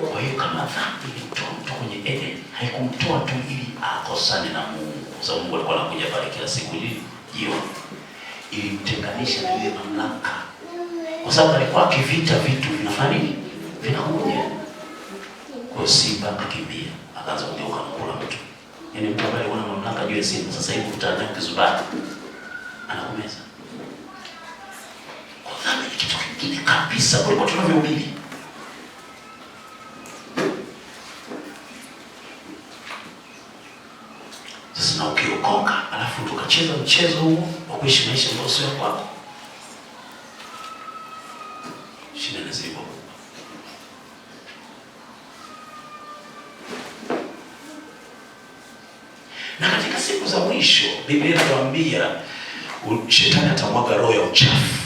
Kwa hiyo kama dhambi ilimtoa mtu kwenye Eden, haikumtoa tu ili akosane na Mungu, kwa sababu Mungu alikuwa anakuja pale kila siku ili jioni, ilimtenganisha na ile mamlaka, kwa sababu alikuwa akivita vitu vinafanya nini, vinakuja kwa hiyo simba akakimbia, akaanza kugeuka kula mtu, yaani mtu ambaye alikuwa na mamlaka juu ya simba. Sasa hivi utana kizubati anakumeza kwa dhambi, Ni kitu kingine kabisa kuliko tunavyohubiri. Sasa na ukiokoka, alafu tukacheza mchezo huo wa kuishi maisha ambayo sio kwako, shida zipo. Na katika siku za mwisho Biblia inatuambia shetani atamwaga roho ya uchafu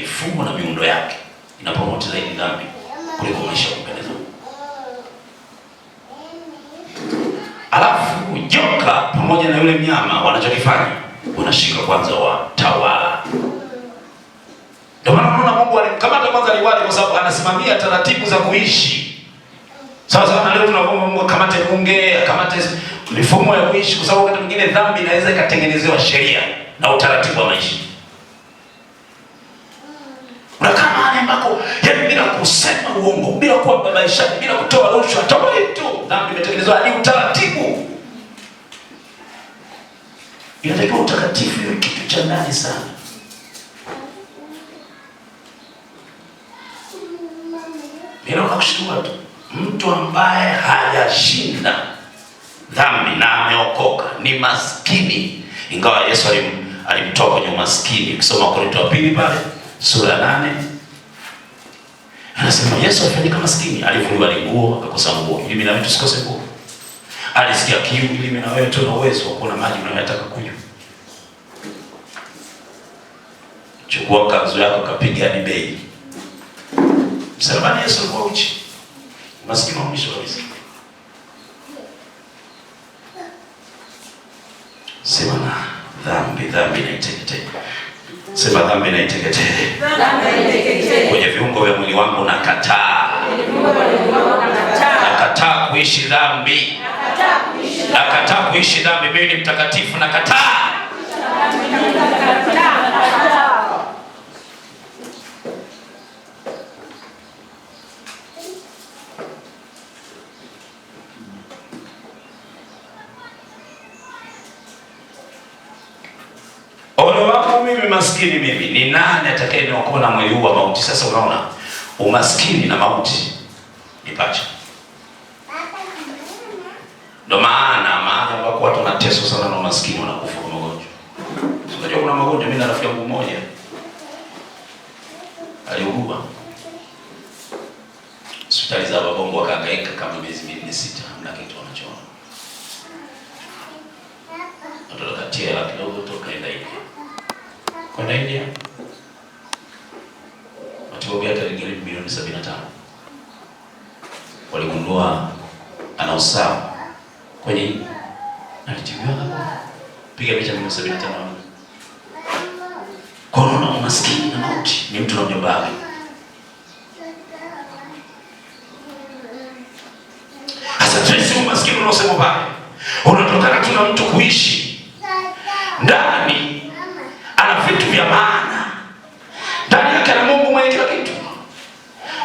mifumo na miundo yake inapromote zaidi dhambi kuliko maisha kupendeza. Alafu joka pamoja na yule mnyama wanachokifanya, unashika kwanza watawala. Ndio maana unaona Mungu alimkamata kwanza liwali, kwa sababu anasimamia taratibu za kuishi. Sawa sawa na leo tunaomba Mungu akamate bunge, akamate mifumo ya kuishi, kwa sababu wakati mwingine dhambi inaweza ikatengenezewa sheria na utaratibu wa maisha unakaa mahali ambako yani bila kusema uongo, bila kuwa babaishaji, bila kutoa rushwa, tu dhambi imetengenezwa hadi utaratibu. Inatakiwa utakatifu iwe kitu cha ndani sana. Neno kushtua tu, mtu ambaye hajashinda dhambi na ameokoka ni maskini, ingawa Yesu alimtoa kwenye umaskini. Ukisoma Korinto wa pili pale sura ya nane anasema Yesu alifanyika maskini, alivuliwa nguo akakosa nguo, ili mimi na wewe tusikose nguo. Alisikia kiu, ili mimi na wewe tuna uwezo wa kuona maji unayotaka kunywa. Chukua kanzu yako kapiga hadi bei. Msalabani Yesu alikuwa uchi, maskini wa mwisho kabisa. Sema na dhambi, dhambi naiteketeka Sema dhambi na iteketee kwenye viungo vya mwili wangu, nakataa, nakataa kuishi dhambi, nakataa kuishi dhambi. Mimi ni mtakatifu, nakataa maskini mimi, ni nani atakayeniokoa na mwili huu wa mauti? Sasa unaona umaskini na mauti ni pacha. Ndio maana maana ambapo watu wanateswa sana na umaskini, wanakufa kwa magonjwa. Unajua kuna magonjwa, mimi na rafiki yangu mmoja aliugua hospitali za Babongo, akahangaika kama miezi minne sita, hamna kitu anachoona, watoto katia hela kidogo tokaenda hivi kwenda India, matibabu yake aligharimu milioni 75. Waligundua ana usawa kwenye alitibiwa na piga picha milioni 75. Korona, umaskini na mauti ni mtu na unyonge. Sasa tunasema umaskini unaosema baba unatokana tu mtu kuishi ndani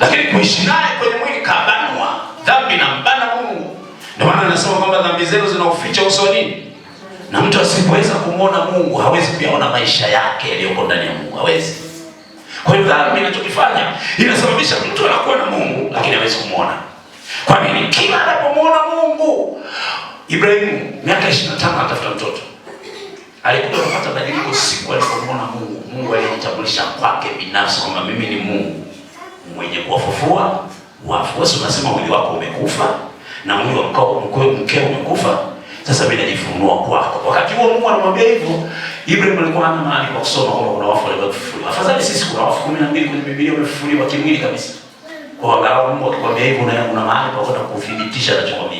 lakini kuishi naye kwenye mwili kabanwa dhambi na mbana Mungu. Ndio maana anasema kwamba dhambi zenu zinauficha nini, na mtu asipoweza kumwona Mungu hawezi kuyaona maisha yake yaliyoko ndani ya Mungu, hawezi. Kwa hiyo dhambi inachokifanya inasababisha mtu anakuwa na Mungu lakini hawezi kumwona. Kwa nini? Kila anapomwona Mungu, Ibrahimu miaka 25 anatafuta mtoto alikuja anapata badiliko siku alipomwona Mungu. Mungu alijitambulisha kwake binafsi kwamba mimi ni Mungu mwenye kuwafufua wafu. Wewe unasema mwili wako umekufa na mwili wa mkeo umekufa, sasa mimi najifunua kwako. Wakati huo Mungu anamwambia hivyo, Ibrahim alikuwa ana mahali pa kusoma kwamba kuna wafu waliofufuliwa. Afadhali sisi kuna wafu 12 kwenye Biblia wamefufuliwa kimwili kabisa. Kwa angalau Mungu akikwambia hivyo, na kuna mahali pa kwenda kuthibitisha anachokwambia.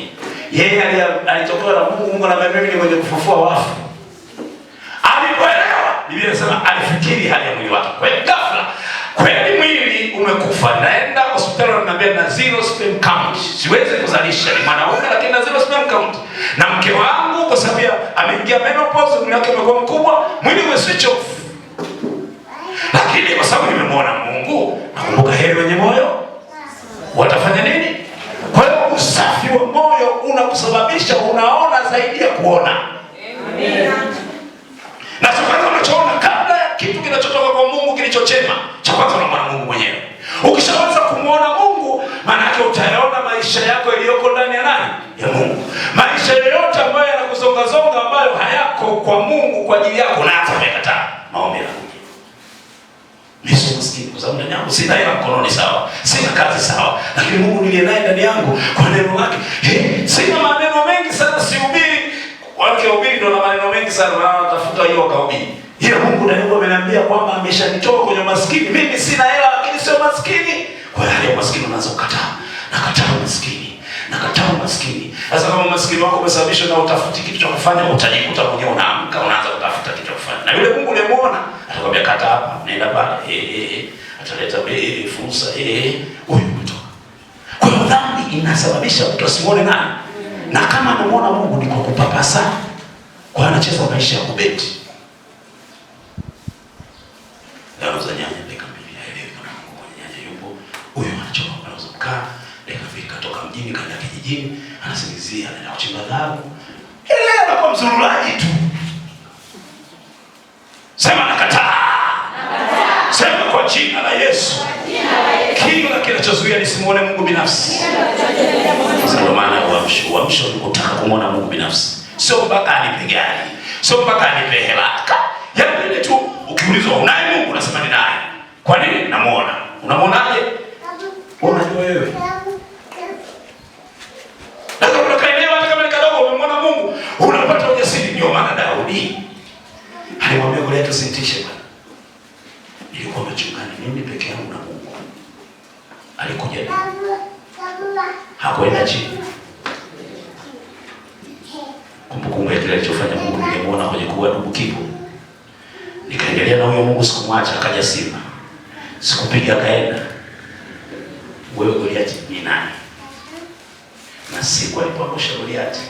Yeye alitokewa na Mungu, Mungu anamwambia mimi ni mwenye kufufua wafu. Alipoelewa, Biblia inasema alifikiri hali ya mwili wake. Kwa ghafla kweli mwili umekufa, naenda hospitali, wananiambia na zero sperm count, siwezi kuzalisha. Ni mwanaume lakini na zero sperm count, na mke wangu kwa sababu ameingia menopause, mwili wake umekuwa mkubwa, mwili ume switch off, lakini kwa sababu nimemwona Mungu, nakumbuka heri wenye moyo watafanya nini? Kwa hiyo usafi wa moyo unakusababisha unaona zaidi ya kuona. Amen. Na sasa unachoona kabla ya kitu kinachotoka kwa Mungu kilichochema kwa ajili yako na hata umekataa maombi yanakuja. Nisio maskini kwa sababu ndani yangu sina hela mkononi, sawa, sina kazi sawa, lakini Mungu niliye naye ndani yangu kwa neno lake. Hey, sina maneno mengi sana sihubiri, wake hubiri ndo na maneno mengi sana na watafuta hiyo wakahubiri. Yeye Mungu ndani yangu ameniambia kwamba ameshanitoa kwenye maskini. Mimi sina hela lakini sio maskini. Kwa hiyo leo maskini unaanza kukataa. Nakataa maskini. Nakataa maskini. Sasa kama maskini wako umesababishwa na utafuti kitu cha kufanya, utajikuta mwenyewe unaamka unaanza na yule Mungu uliyemuona atakwambia kata hapa, nenda pale, eh, ataleta eh, fursa eh, huyu mtoka. Kwa hiyo dhambi inasababisha mtu asimuone nani, na kama anamuona Mungu ni kwa kupapasa, kwa anacheza maisha ya kubeti mjini kijijini anasingizia anaenda kuchimba dhahabu, ile anakuwa mzurulaji tu. Sema kwa jina la Yesu, kila kinachozuia nisimuone Mungu binafsi. Sababu maana uamsho ni kutaka kumwona Mungu binafsi, sio mpaka anipe gari, sio mpaka anipe hela. Yaani ni tu ukiulizwa unaye Mungu unasema ni naye. Kwa nini? Namuona. Unamwonaje? Unajua wewe Mungu unapata ujasiri. Ndio maana Daudi alimwambia Goliathi, usitishe kwenda chini. Kumbukumbu ya kile alichofanya Mungu, nilimuona kwenye kuwa ndugu Kibo, nikaendelea na huyo Mungu, sikumwacha akaja Simba, sikupiga akaenda. Wewe Goliati ni nani? Na siku alipomwosha Goliati,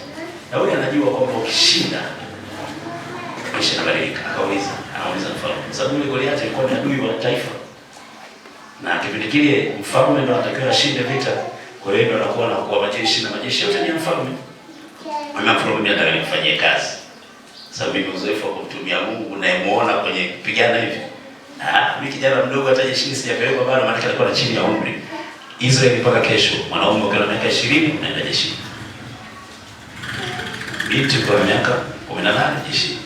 Daudi anajua kwamba ukishinda kisha nabadilika, akauliza anauliza mfalme, sababu yule Goliati alikuwa ni adui wa taifa na kipindi kile mfalme ndo anatakiwa ashinde vita kwa hiyo ndio anakuwa na kwa majeshi na majeshi yote ni mfalme. Ana problem ya ndani kufanyia kazi. Sasa mimi uzoefu wa kumtumia Mungu nayemuona kwenye kupigana hivi. Ah, mimi kijana mdogo hata jeshini sijapelekwa bado maana alikuwa na chini ya umri. Israeli mpaka kesho mwanaume ukiwa na miaka 20 unaenda jeshi. Binti kwa miaka 18 jeshi.